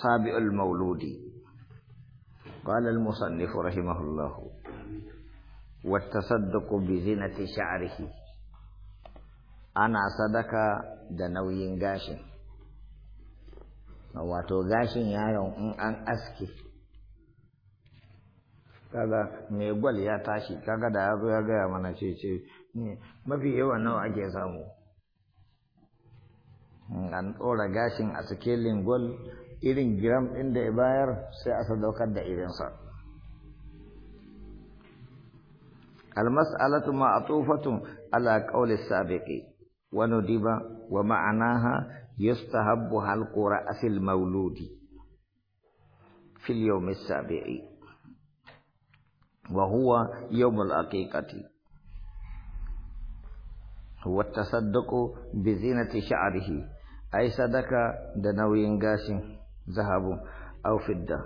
sabiul mauludi qala al musannif rahimahullah wa tasadduqu bi zinati sha'rihi ana sadaka da nauyin gashin wato gashin yaron in an aske kaga mai gwal ya tashi kaga da ya ya gaya mana ce ce hmm, mafi yawan nawa ake samu hmm, an tsora gashin a cikin lingual irin giram ɗin da ya bayar sai a sadaukar da irinsa almas'alatu ma'atufatun ala qawli wani wa nudiba wa ma'anaha habu halqu asil mauludi fil yawm as-sabiqi wa huwa yawm al-aqiqati huwa at-tasadduqu bi zinati sadaka da nauyin gashin zahabu aw fidda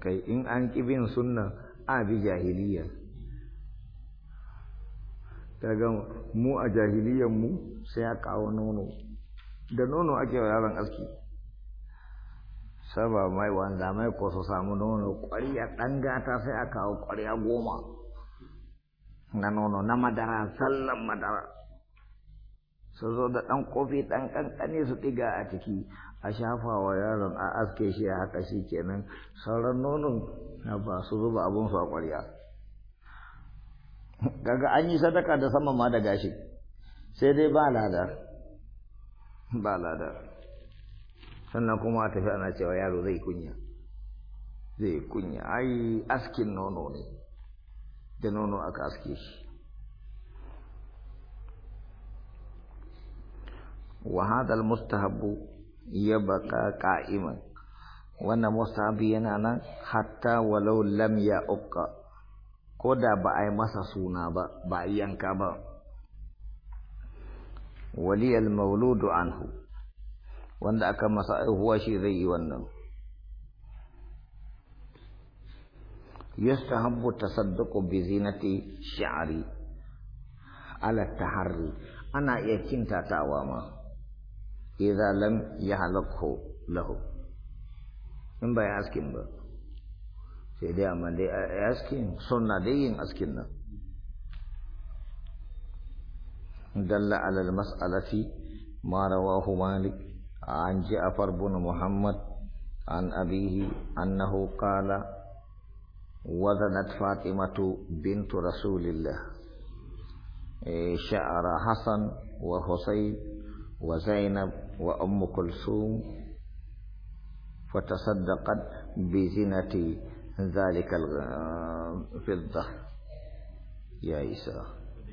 kai in an kibin sunna a bi jahiliya kaga mu a jahiliyan mu sai ya kawo nono da nono ake wa yaron aski saba mai wanda mai ko su samu nono kwariya ɗan gata sai a kawo kwariya goma na nono na madara sallan madara su zo da ɗan kofi ɗan ƙanƙane su ɗiga a ciki a shafa wa yaron a aske shi a haka shi kenan sauran nonon ba su zuba abun su a ƙwarya kaga an yi sadaka da sama ma da gashi sai dai ba lada ba lada sannan kuma a tafi ana cewa yaro zai kunya zai kunya ai askin nono ne da nono aka aske shi mustahabu ya baka قائما wannan musabi yana nan hatta walau lam ya uka ko da ba a yi masa suna ba ba a yanka ba waliyal mauludu anhu wanda aka masa aihuwa shi zai yi wannan yastahabbu tasadduqu bi zinati sha'ri ala taharri ana iya kintatawa ma idza lam yahlakhu lahu in bai askin ba sai dai amma dai askin sunna dai yin askin nan dalla ala masalaci ma rawahu malik an ja'far bin muhammad an abihi annahu qala وزنت فاطمة بنت rasulillah الله شعر حسن وحسين وزينب وأم كلثوم فتصدقت بزنة ذلك الفضة آه، يا إسرائيل